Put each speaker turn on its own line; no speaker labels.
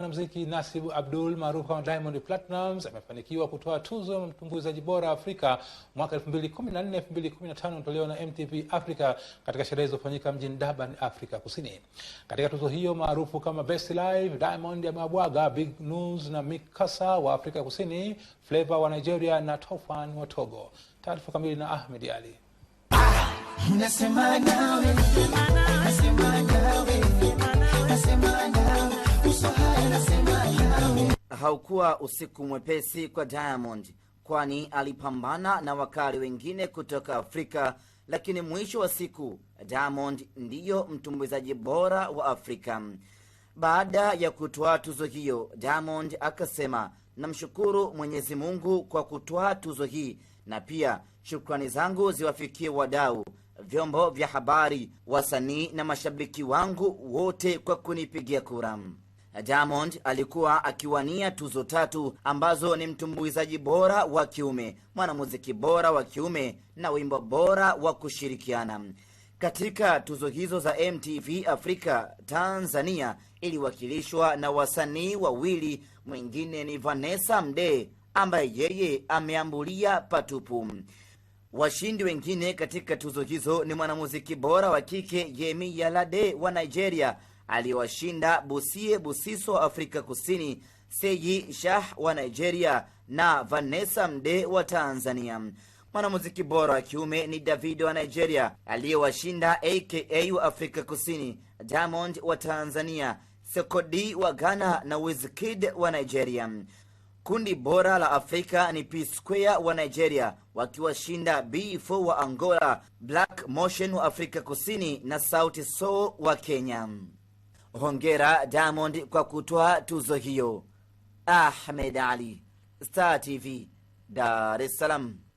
Mwanamuziki Nasib Abdul maarufu kama Diamond Platnumz amefanikiwa kutoa tuzo ya mtumbuizaji bora Afrika mwaka 2014 2015 tolewa na MTV Africa katika sherehe zilizofanyika mjini Durban, Afrika Kusini. Katika tuzo hiyo maarufu kama Best Live, Diamond amewabwaga Big news na Mick Kasa wa Afrika Kusini, Flavor wa Nigeria na Tofan wa Togo. Taarifa kamili na Ahmed Ali. Ah,
haukuwa usiku mwepesi kwa Diamond, kwani alipambana na wakali wengine kutoka Afrika, lakini mwisho wa siku Diamond ndiyo mtumbuizaji bora wa Afrika. Baada ya kutoa tuzo hiyo, Diamond akasema namshukuru Mwenyezi Mungu kwa kutoa tuzo hii, na pia shukrani zangu ziwafikie wadau, vyombo vya habari, wasanii na mashabiki wangu wote kwa kunipigia kura. Diamond alikuwa akiwania tuzo tatu ambazo ni mtumbuizaji bora wa kiume, mwanamuziki bora wa kiume na wimbo bora wa kushirikiana. Katika tuzo hizo za MTV Afrika, Tanzania iliwakilishwa na wasanii wawili, mwingine ni Vanessa Mdee ambaye yeye ameambulia patupu. Washindi wengine katika tuzo hizo ni mwanamuziki bora wa kike Yemi Alade wa Nigeria aliyewashinda Busie Busiso wa Afrika Kusini, seji Shah wa Nigeria na Vanessa Mde wa Tanzania. Mwanamuziki bora wa kiume ni Davido wa Nigeria aliyewashinda aka wa Afrika Kusini, Diamond wa Tanzania, Sekodi wa Ghana na Wizkid wa Nigeria. Kundi bora la Afrika ni P Square wa Nigeria wakiwashinda B4 wa Angola, Black Motion wa Afrika Kusini na Sauti Sol wa Kenya. Hongera Diamond kwa kutwaa tuzo hiyo. Ahmed Ali, Star TV, Dar es Salaam.